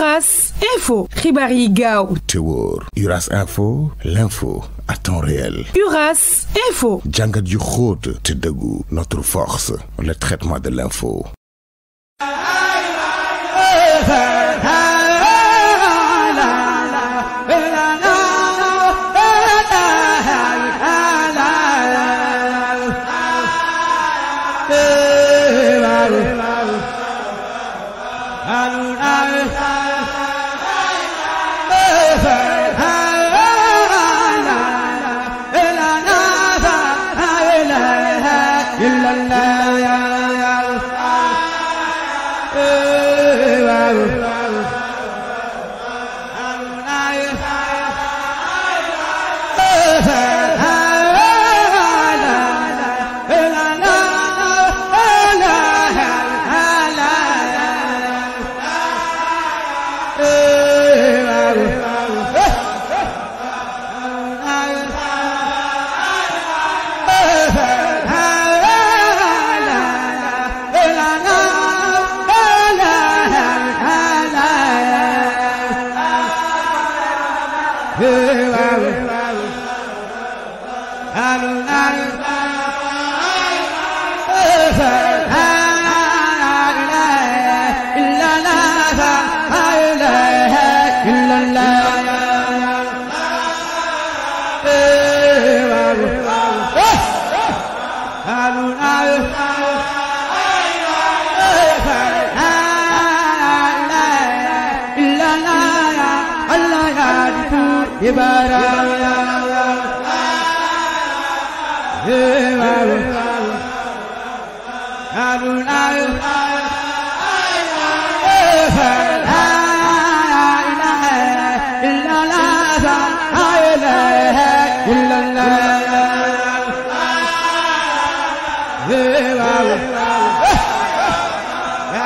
Uras Info Ribari Gao Tewor. Uras Info l'info à temps réel Uras Info jàngat yu notre force le traitement de l'info إلا الله Hey,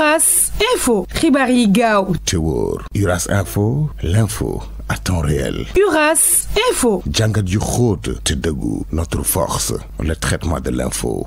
Uras Info. Ribari Gao. Tchewor. Uras Info. L'info à temps réel. Uras Info. Django du te Notre force. Le traitement de l'info.